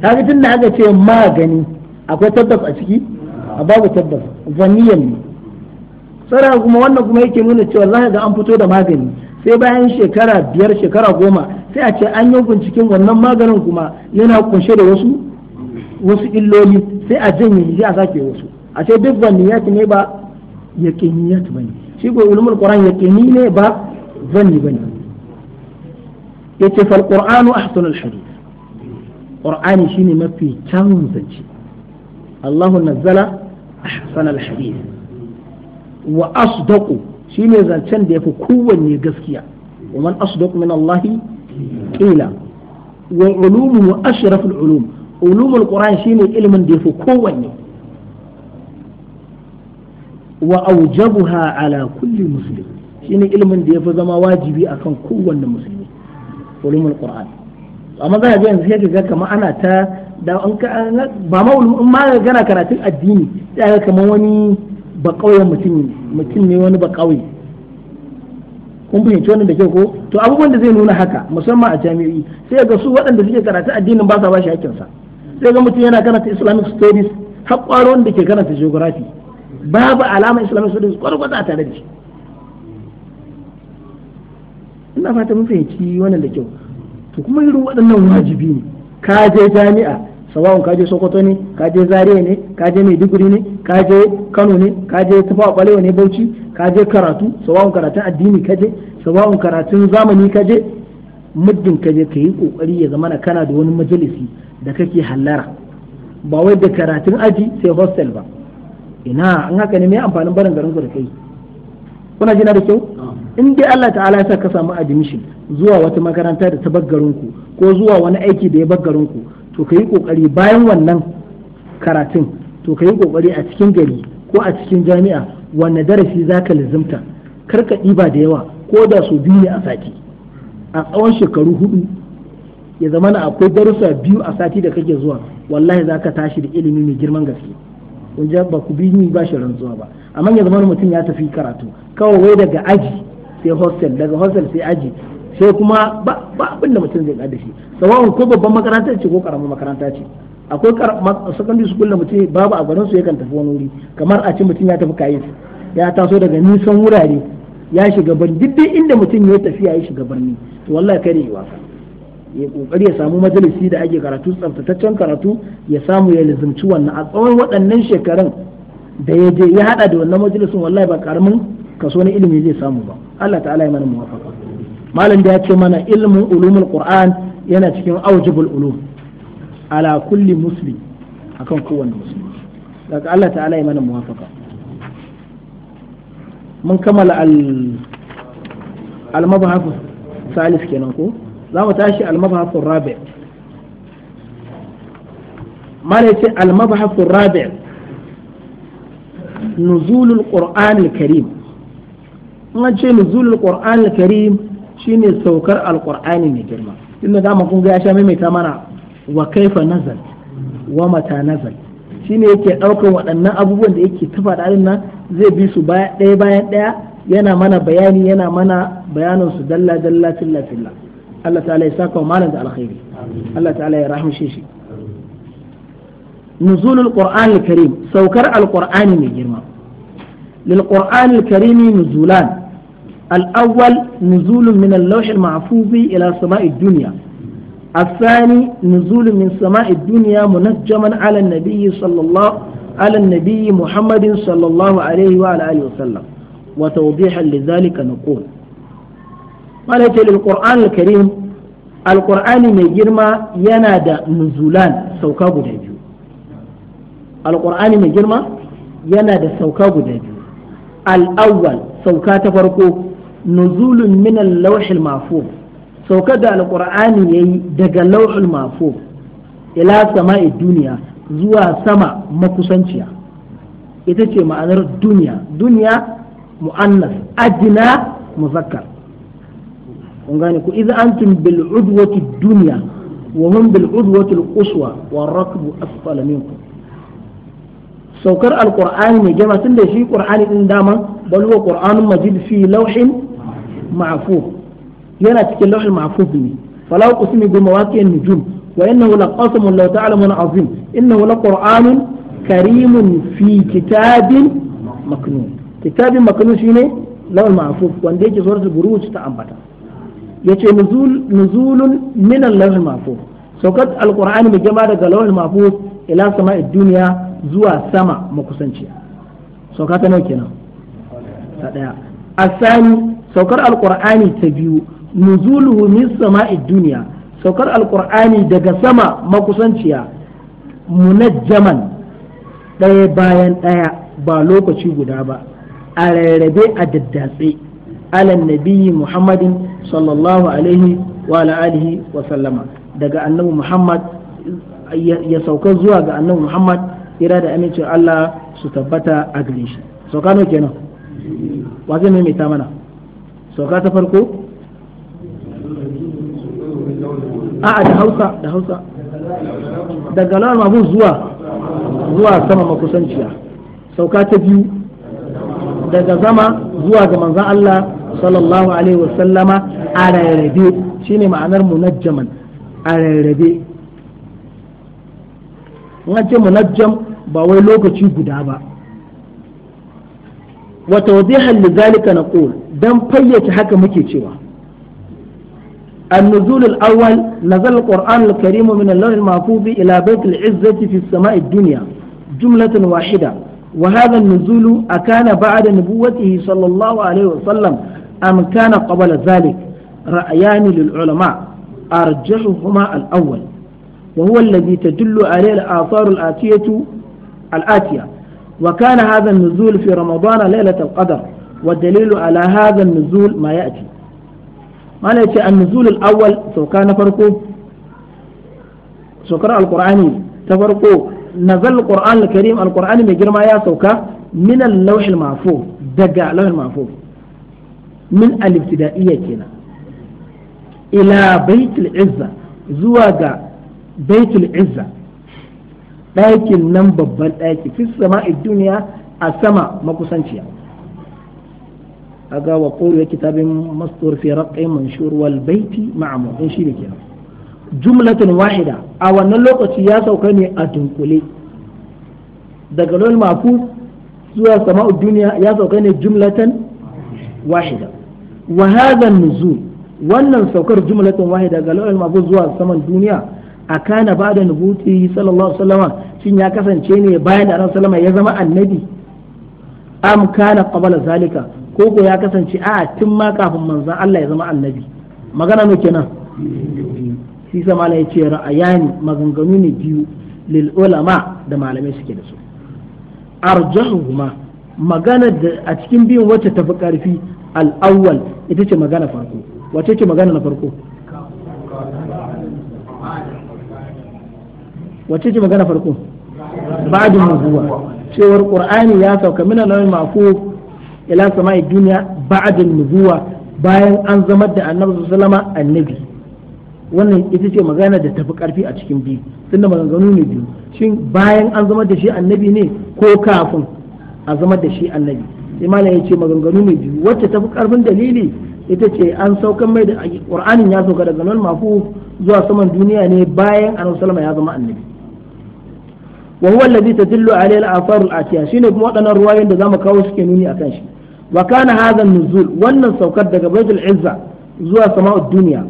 tun da aka ce magani akwai tabbas a ciki a babu tabbas zaniyan ne tsara kuma wannan kuma yake nuna cewa za ga an fito da magani sai bayan shekara biyar shekara goma sai a ce an yi binciken wannan maganin kuma yana kunshe da wasu wasu illoli sai a janye shi a sake wasu a ce duk zanniyat ne ba ya yaqiniyat ne shi ko ulumul qur'an yaqini ne ba zanni bane yace fal qur'anu ahsanul hadith shi ne mafi kyawun zance Allahu nazzala ahsan al-hadith wa asdaqu ne zancen da yafi kowanne gaskiya wa man asdaqu min Allah qila wa ulumuhu ashraf al-ulum ulumul qur'an ne ilimin da yafi kowanne wa aujabuha ala kulli muslim shine ilimin da yafi zama wajibi akan kowanne musulmi ulumul qur'an amma za a ji yanzu sai ga kamar ana ta da an ka ba ma in ma gana karatun addini sai ga kamar wani ba kauyen mutum mutum ne wani ba kauye kun fahimci wannan da kyau ko to abubuwan da zai nuna haka musamman a jami'i sai ga su waɗanda suke karatu addinin ba sa ba shi sa sai ga mutum yana karanta islamic studies har wanda ke karanta geography babu alama islamic studies kwarkwata a tare da shi ina fata mun fahimci wannan da kyau to kuma irin waɗannan wajibi ne ka je jami'a sawa'un ka je sokoto ne ka je Zariya ne ka je maiduguri ne ka je kano ne ka je tafawa ɓalewa ne bauchi ka je karatu sawa'un karatun addini ka je sawa'un karatun zamani ka je muddin ka je ka yi kokari ya zamana kana da wani majalisi da kake hallara ba wai da karatun aji sai hostel ba ina an haka ne mai amfanin barin garin ku da kai kuna jina da kyau in dai Allah ta'ala ya sa ka samu admission zuwa wata makaranta da ta baggarin ku ko zuwa wani aiki da ya baggarin ku to ka yi kokari bayan wannan karatun to ka yi kokari a cikin gari ko a cikin jami'a wanne darasi za ka lizimta kar ka ɗiba da yawa ko da su biyu ne a sati a tsawon shekaru hudu ya zama na akwai darussa biyu a sati da kake zuwa wallahi za ka tashi da ilimi mai girman gaske kun ba ku bi ni ba shi rantsuwa ba amma ya zama mutum ya tafi karatu kawai wai daga aji sai hostel daga hostel sai aji sai kuma ba abin da mutum zai kada shi sawa'un ko babban makaranta ce ko karamin makaranta ce akwai secondary school da mutum babu a garin su yakan tafi wani wuri kamar a ci mutum ya tafi kayi ya taso daga nisan wurare ya shiga birni duk inda mutum ya tafiya ya shiga birni to wallahi kare yi wasa ya kokari ya samu majalisi da ake karatu tsaftataccen karatu ya samu ya lizumci wannan a tsawon waɗannan shekarun da ya je ya hada da wannan majalisin wallahi ba karamin kaso na ilimi zai samu ba Allah ta'ala ya mana muwafaka malam da ya ce mana ilmin ulumul qur'an yana cikin awjibul ulum ala kulli muslim akan kowanne musulmi daga Allah ta'ala ya mana muwafaka mun kammala al al mabahaf salis kenan ko za mu tashi al mabahaf rabi malai ce al mabahaf karim in an ce nuzulul qur'anil karim shine saukar alqur'ani mai girma inda dama kun ga ya sha maimaita mana wa kaifa nazal wa mata nazal shine yake ɗaukar waɗannan abubuwan da yake tafa da nan zai bi su ɗaya bayan ɗaya yana mana bayani yana mana bayanin su dalla dalla filla filla Allah ta'ala ya saka malam da alkhairi Allah ta'ala ya rahmishe shi nuzulul qur'anil karim saukar alqur'ani mai girma lil qur'anil karimi nuzulan الأول نزول من اللوح المحفوظ إلى سماء الدنيا الثاني نزول من سماء الدنيا منجما على النبي صلى الله على النبي محمد صلى الله عليه وعلى آله وسلم وتوضيحا لذلك نقول قالت للقرآن الكريم القرآن من جرمى ينادى نزولان سوكاب دجو القرآن من جرمى ينادى سوكاب دجو الأول سوكات فرقو nuzulun minan lauhin lawhil mahfuz saukar da alqur'ani yayi daga lauhin mahfuz ila sama'i duniya zuwa sama makusanciya ita ce ma'anar duniya duniya mu'annas adna muzakkar kun gane ku idza antum bil udwati dunya wa hum bil udwati al quswa wa rakbu asfala minkum saukar alƙur'ani ne gama tun da shi ƙur'ani ɗin dama bal huwa qur'anun majid fi lauhin. mahfuz yana cikin lauhul mahfuz ne fala uqsimu bi nujum wa innahu laqasamun law ta'lamun azim innahu shine wanda yake suratul buruj ta ambata yace nuzul nuzulun min lauhul mahfuz saukar alqur'ani mai jama daga lauhul mahfuz ila sama'id duniya zuwa sama makusanciya sauka ta ta asani saukar alkur'ani ta biyu nuzuluhu min sama'i duniya saukar alkur'ani daga sama makusanciya munajjaman ɗaya bayan ɗaya ba lokaci guda ba a rarrabe a daddatse alan nabiyyi muhammadin sallallahu alaihi wa alihi wa sallama daga annabi muhammad ya sauka zuwa ga annabi muhammad kira da amincin allah su tabbata a gare shi saukano kenan wa zai maimaita mana sauka ta farko a'a da hausa da hausa daga lawar mabu zuwa zuwa sama makusanciya sauka ta biyu daga zama zuwa ga manzan Allah sallallahu alaihi wasallama a shi shine ma'anar munajjaman a rarrabe ce munajjam ba wai lokaci guda ba wa tawdihan lidhalika naqul dan fayyace haka muke cewa النزول الأول نزل القرآن الكريم من اللون المحفوظ إلى بيت العزة في السماء الدنيا جملة واحدة وهذا النزول أكان بعد نبوته صلى الله عليه وسلم أم كان قبل ذلك رأيان للعلماء أرجحهما الأول وهو الذي تدل عليه الآثار الآتية الآتية وكان هذا النزول في رمضان ليلة القدر والدليل على هذا النزول ما يأتي ما يأتي النزول الأول سو كان فرقه سكر القرآن تفرقه نزل القرآن الكريم القرآن مجرم يا سوكا من اللوح المعفوف دقع اللوح المعفوف من الابتدائية كنا إلى بيت العزة زواج بيت العزة ɗakin nan babban ɗaki fi sama'i duniya a sama makusanciya ga wa ya kitabin mastur fi raqin manshur wal baiti ma'amu in shi ne kenan jumlatin wahida a wannan lokaci ya sauka ne a dunkule daga lol maku zuwa sama'u duniya ya sauka ne jumlatan wahida wa hadha nuzul wannan saukar jumlatin wahida ga lol maku zuwa saman duniya a kana ba da nubuti sallallahu sallama shin ya kasance ne bayan da ran sallama ya zama annabi am kana qabala zalika ko ko ya kasance a tun ma kafin manzon Allah ya zama annabi magana ne kenan shi sama ya ce ra'ayani maganganu ne biyu lil ulama da malamai suke da su arjahuhuma magana a cikin biyun wacce tafi karfi al-awwal ita ce magana farko wacce ce magana na farko wacce ce magana farko ba'du nuzuwa cewar qur'ani ya sauka min al mafu ila sama'i dunya ba'da nuzuwa bayan an zama da annabi sallama annabi wannan ita ce magana da tafi karfi a cikin biyu tunda maganganu ne biyu shin bayan an zama da shi annabi ne ko kafin a zama da shi annabi sai malam ya ce maganganu ne biyu wacce tafi karfin dalili ita ce an saukan mai da qur'anin ya sauka daga nan mafu zuwa saman duniya ne bayan annabi sallama ya zama annabi wa huwa alladhi tadullu alayhi al-athar al-atiya shine kuma waɗannan ruwayoyin da zamu kawo suke nuni akan shi wa kana hadha nuzul wannan saukar daga baitul izza zuwa sama'ud duniya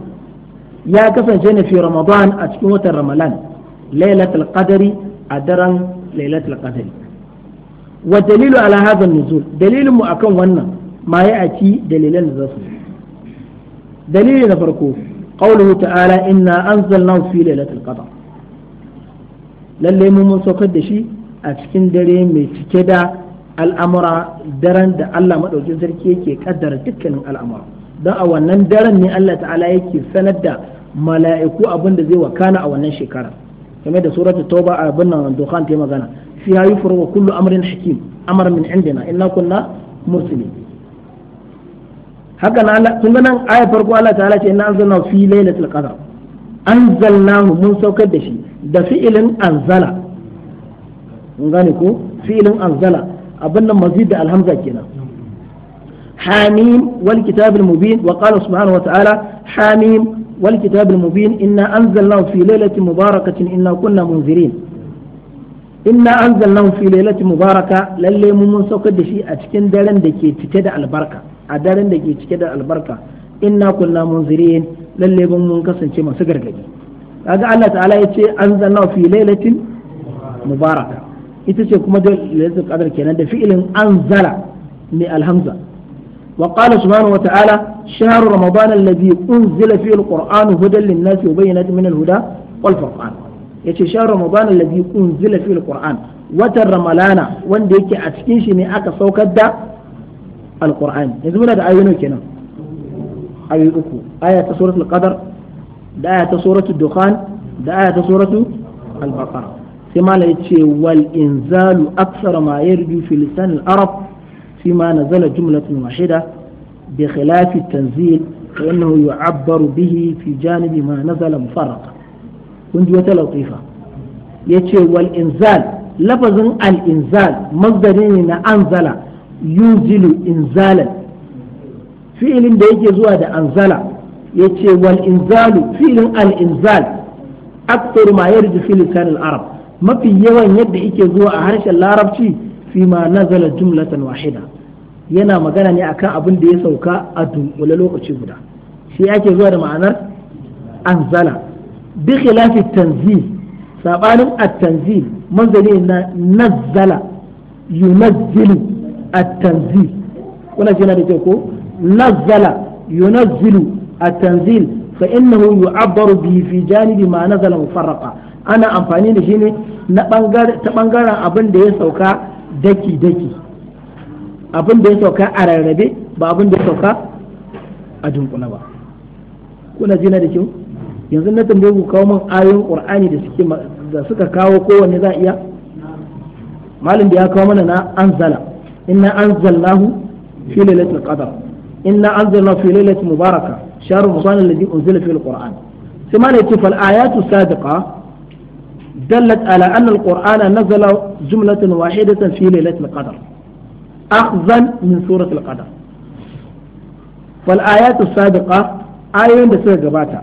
ya kasance ne fi ramadan a cikin watan ramadan lailatul qadari a daren lailatul qadari wa dalilu ala hadha nuzul dalilin mu akan wannan maye ya aki dalilan da zasu dalili na farko qawluhu ta'ala inna anzalnahu fi lailatul qadar lalle mun mun saukar da shi a cikin dare mai cike da al'amura daren da Allah maɗaukin sarki yake kaddara dukkanin al'amura don a wannan daren ne Allah ta'ala yake sanar da mala'iku abin da zai wakana a wannan shekara game da suratul tauba a abin nan dokan ta magana fi hayu wa kullu amrin hakim amar min indina inna kunna muslimin haka na kun ga nan ayar farko Allah ta'ala ce inna anzalna fi lailatul qadr anzalnahu mun saukar da shi da fi'ilin anzala gane ko fi'ilin anzala abin nan mazid da alhamza kenan hamim wal kitab al mubin wa qala subhanahu wa ta'ala hamim wal kitab al mubin inna anzalnahu fi laylatin mubarakatin inna kunna munzirin inna anzalnahu fi laylatin mubaraka lalle mun mun saukar da shi a cikin daren da ke cike da albarka a daren da ke cike da albarka inna kunna munzirin lalle mun mun kasance masu gargadi kaga Allah ta'ala ya ce an zanna fi lailatin mubaraka ita ce kuma da lailatul qadr kenan da fi'ilin anzala mai alhamza wa qala subhanahu wa ta'ala shahru ramadan alladhi unzila fihi alquran hudan lin-nasi wa bayyinatin min al-huda wal furqan yace shahru ramadan alladhi unzila fihi alquran watan ramalana wanda yake a cikin shi ne aka saukar da Alƙur'ani, yanzu muna da ayoyi kenan ayoyi uku aya ta suratul qadr da aya ta suratu dukhan da aya ta suratu al-baqara sai mala yace wal inzalu aksar ma yarju fi lisan al-arab fi ma nazala jumlatun wahida bi khilafi at-tanzil fa innahu yu'abbaru bihi fi janibi ma nazala mufarraqa kun ji wata latifa yace wal inzal lafazin al-inzal masdari ne na anzala yuzilu inzalan fi'ilin da yake zuwa da anzala yace wal inzalu filin al inzal akthar ma yarju filin lisan arab mafi yawan yadda yake zuwa a harshen larabci fi ma nazala jumlatan wahida yana magana ne akan abin da ya sauka a dunkule lokaci guda shi yake zuwa da ma'anar anzala bi khilafi tanzil sabanin at-tanzil manzali na nazzala yunazzilu at-tanzil kuna jina da kyau ko nazzala yunazzilu a فإنه يعبر به في جانب ما نزل مفرقا أنا أمفاني لشيني تبنغر أبن دي سوكا دكي دكي أبن دي سوكا أراربي بأبن دي سوكا أدن قلبا kuna jina da kyau yanzu na tambaye ku kawo min ayoyin qur'ani da suka kawo kowanne za iya malam da ya kawo mana na anzala inna anzalnahu fi lailatul qadr inna anzalnahu fi lailatul mubarakah شهر رمضان الذي أنزل فيه القرآن ثم يأتي فالآيات السابقة دلت على أن القرآن نزل جملة واحدة في ليلة القدر أخذا من سورة القدر فالآيات السابقة آيين بسيطة جباتا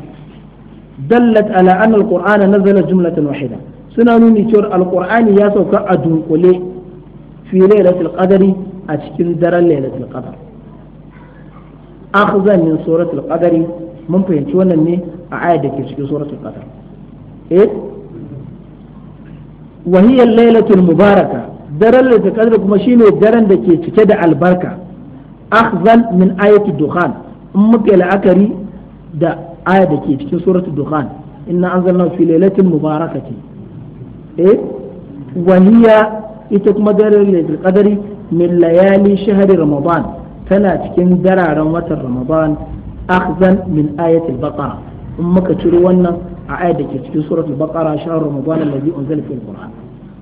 دلت على أن القرآن نزل جملة واحدة سنانوني تور القرآن ياسوك أدون في ليلة القدر أشكل درا ليلة القدر akhza min suratul qadari mun fahimci wannan ne a ayat da ke cikin suratul qadar eh wa hiya lailatul mubaraka daren lailatul qadar kuma shine daren da ke cike da albarka akhzan min ayati dukhan in muke la'akari da aya da ke cikin suratul dukhan inna anzalna fi lailatin mubarakati eh wa hiya ita kuma daren lailatul qadari min layali shahri ramadan tana cikin dararen watan ramadan akhzan min ayatul baqara in muka ciro wannan a ayat da ke cikin suratul baqara shahr ramadan allazi unzila fil qur'an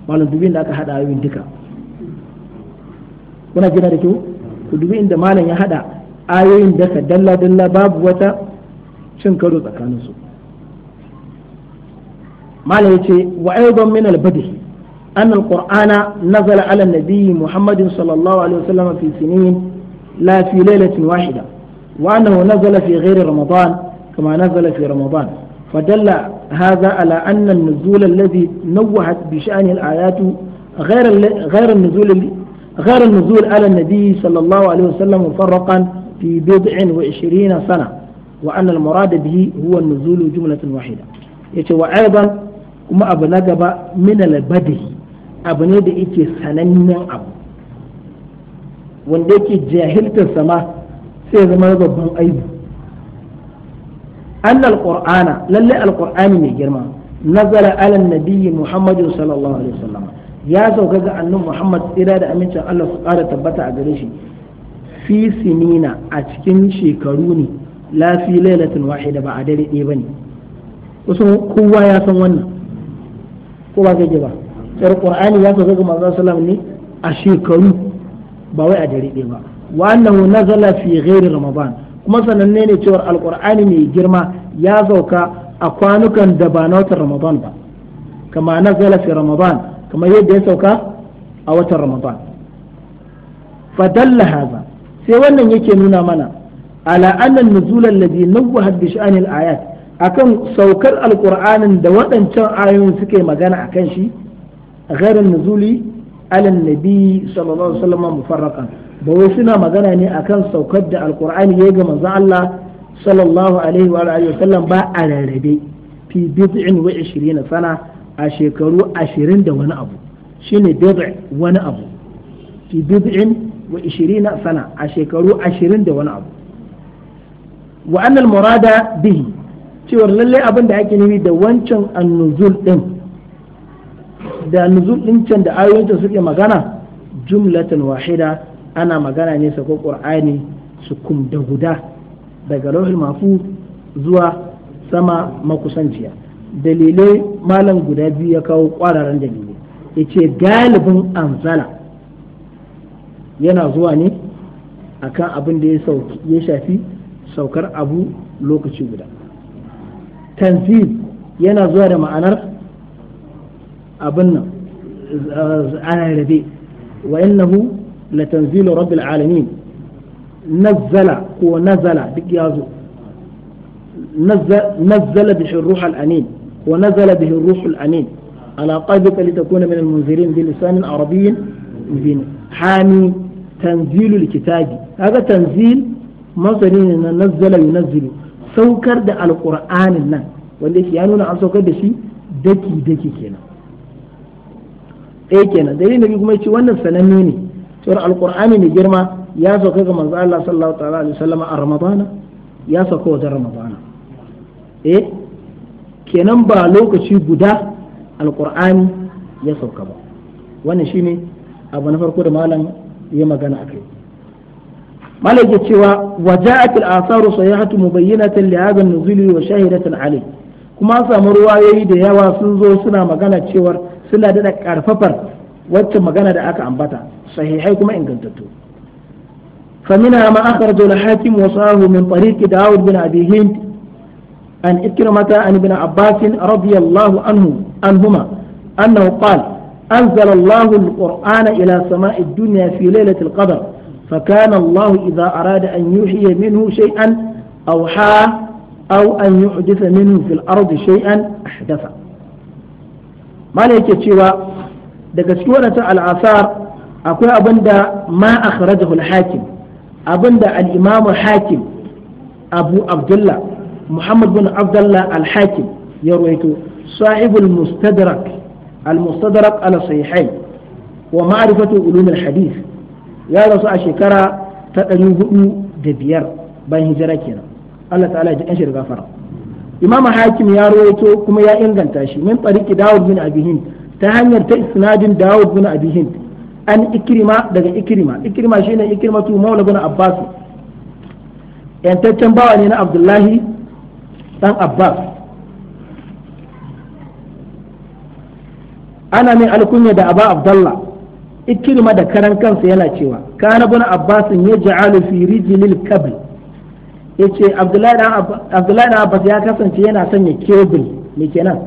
malam dubin da aka hada ayoyin duka kuna jira da ku ku dubi inda malam ya hada ayoyin da ka dalla dalla babu wata cin karo tsakanin su malam yace wa aidan min al badhi أن al نزل على النبي محمد صلى الله عليه وسلم في سنين لا في ليلة واحدة وأنه نزل في غير رمضان كما نزل في رمضان فدل هذا على أن النزول الذي نوهت بشأنه الآيات غير غير النزول غير النزول على النبي صلى الله عليه وسلم مفرقا في بضع وعشرين سنة وأن المراد به هو النزول جملة واحدة يتوى أيضا كما أبنى من البدي أبنى دي سنن أبو wanda yake jahiltar sama sai ya zama babban aibu an alqur'ana lalle alqur'ani mai girma nazara ala nabiyyi muhammadu sallallahu alaihi wasallam ya sauka ga annabi muhammad tsira da amincin Allah su ƙara tabbata a gare shi fi sinina a cikin shekaru ne la fi lailatin wahida ba a dare ɗaya bane kusan kowa ya san wannan ko ba kai ba sai qur'ani ya sauka ga manzon sallallahu alaihi wasallam ne a shekaru ba wai a dare ba wa nazala fi ghairi ramadan kuma sananne ne cewar alqur'ani mai girma ya sauka a kwanukan da ba na watan ramadan ba kama nazala fi ramadan kamar yadda ya sauka a watan ramadan fadalla haza sai wannan yake nuna mana ala annan nuzul alladhi nawwaha bi ayat akan saukar alqur'anin da waɗancan ayoyin suke magana akan shi ghairin nuzuli alan nabi sallallahu alaihi wasallam mufarraqan ba wai suna magana ne akan saukar da alqur'ani ya ga manzon Allah sallallahu alaihi wa alihi wasallam ba a rarrabe fi bid'in wa 20 sana a shekaru 20 da wani abu shine bid'a wani abu fi bid'in wa 20 sana a shekaru 20 da wani abu wa anna al murada bihi cewar lalle abin da ake nufi da wancan annuzul din da nuzul din can da ayoyinta suke magana jumlatan wahida ana magana ne sako qur'ani su kum da guda daga lauhul mafu zuwa sama makusanciya dalilai malam guda biyu ya kawo kwararan dalilai yace galibin anzala yana zuwa ne akan abin da ya shafi saukar abu lokaci guda tanzil yana zuwa da ma'anar abin nan ana rabe wa innahu latanzilu rabbil alamin nazzala ko nazala duk ya zo nazzala bihi ruhul amin wa nazala bihi ruhul amin ala qalbika litakuna min al-munzirin bi lisanin arabiyyin mubin hani tanzilu kitabi kaga tanzil masari ne na nazzala yunazzilu saukar da alqur'anin nan wanda yake ya nuna an saukar da shi daki daki kenan ɗaya kenan dalilin da kuma ce wannan sananne ne cewar alqur'ani ne girma ya sauka ga manzo Allah sallallahu ta'ala alaihi wasallam a ramadana ya sauka wajen ramadana eh kenan ba lokaci guda alqur'ani ya sauka ba wannan shine abu na farko da malam ya magana akai malam ya cewa waja'at al-atharu sahihatu mubayyinatan li hadha an-nuzuli wa shahidatan alayh kuma samu ruwayoyi da yawa sun zo suna magana cewar suna da karfafar wacce magana da aka ambata sahihai kuma ingantattu famina ma akhar dole hakim wa sahu min tariqi daud bin abi hind an ikrimata an ibn abbas radiyallahu anhu anhuma annahu qala أنزل الله القرآن إلى سماء الدنيا في ليلة القدر فكان الله إذا أراد أن يوحي منه شيئا أوحى أو أن يحدث منه في الأرض شيئا أحدثه malai yake cewa daga cikin waɗancan al'asar akwai abin da ma hakim abin da al hakim abu abdullah muhammad bin abdullah al-hakim ya ruwaito sahibul mustadrak al-mustadrak ala sahihain wa ma'rifatu ulum al-hadith ya rasu a shekara ta 405 bayan hijira kenan Allah ta'ala ya ji an shi gafara imam hakim ya rawaito kuma ya inganta shi min tariki dawud bin abihin ta hanyar ta isnadin dawud bin abihin an ikrima daga ikrima ikrima shine ikrimatu maula bin abbas yantaccen bawa ne na abdullahi dan abbas ana min alkunya da aba abdullah ikrima da karan kansa yana cewa kana bin abbas ya fi rijlil kabl ya ce abdullahi da abbas ya kasance yana sanya kebul ne kenan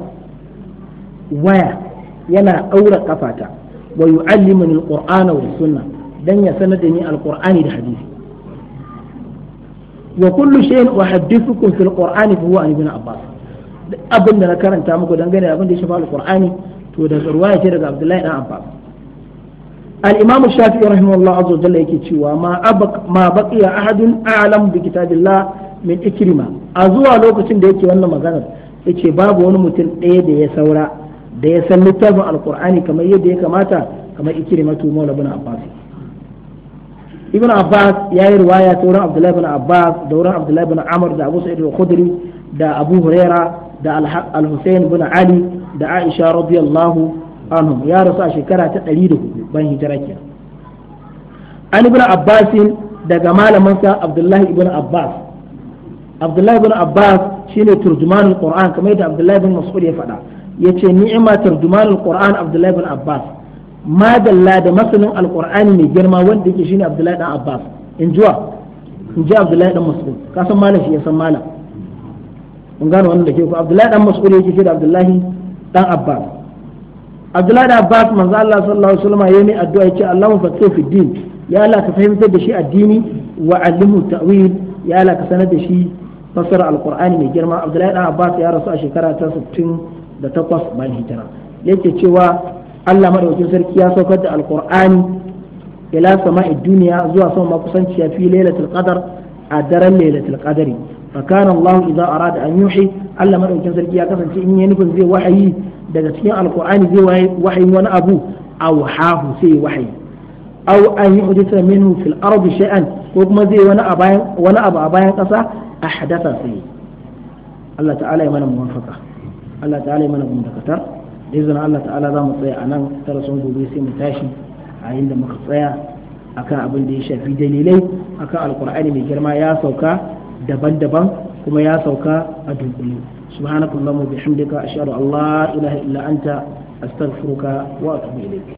waya yana aure kafata wa yu'allimuni alqur'ana wa sunna dan ya sanar da ni alqur'ani da hadisi wa kullu shay'in uhaddithukum fil qur'ani fa huwa ibn abbas abin da na karanta muku dangane da abin da ya shafa alqur'ani to da ruwaya ce daga abdullahi da abbas الإمام الشافعي رحمه الله عز وجل يكتشوا ما أبق ما بقي أحد أعلم بكتاب الله من إكرمة أزوا لوكتين ديكي وانا مغانا يكي باب وانا متن ايه دي سورا دي سلتاف القرآن كما يدي كماتا كما إكرمة مولى بن عباس ابن عباس يا رواية دوران عبد الله بن عباس دوران عبد الله بن عمر دا أبو سعيد الخدري دا أبو هريرة دا الحسين بن علي دا عائشة رضي الله عنه anhu ya rasu a shekara ta 104 bayan hijira kenan an ibn abbas daga malamin sa abdullahi ibn abbas abdullahi ibn abbas shine turjumanul qur'an kamar yadda abdullahi ibn mas'ud ya faɗa yace ni'ima turjumanul qur'an abdullahi ibn abbas madalla da masanin alqur'ani mai girma wanda yake shine abdullahi dan abbas in jiwa in ji abdullahi dan mas'ud ka san malam shi ya san malam mun gano wannan da ke ku abdullahi dan mas'ud yake shi da abdullahi dan abbas Abdullahi da Abbas manzo Allah sallallahu alaihi wasallam yayi addu'a yace Allahu faqihu fi din ya Allah ka fahimtar da shi addini wa allimhu ta'wil ya Allah ka sanar da shi fasara alqur'ani mai girma Abdullahi da Abbas ya rasu a shekara ta 68 bayan hijira yake cewa Allah madaukakin sarki ya saukar da alqur'ani ila sama'i duniya zuwa sama makusanciya fi lailatul qadar a daren lailatul qadari fa kana Allah idza arada an yuhi Allah madaukin sarki ya kasance in ya nufin zai wahayi daga cikin alqur'ani zai wahayi wani abu aw hahu sai wahayi aw an yuhdisa minhu fil ardi shay'an ko kuma zai wani abayan wani abu a bayan kasa ahdatha sai Allah ta'ala ya mana muwafaqa Allah ta'ala ya mana mudakatar da izinin Allah ta'ala za mu tsaya a nan tara sun gobe sai mu tashi a inda muka tsaya akan abin da ya shafi dalilai akan alkur'ani mai girma ya sauka daban-daban kuma ya sauka a dunkule subhanakallahumma bihamdika ashhadu an la ilaha illa anta astaghfiruka wa atubu ilayk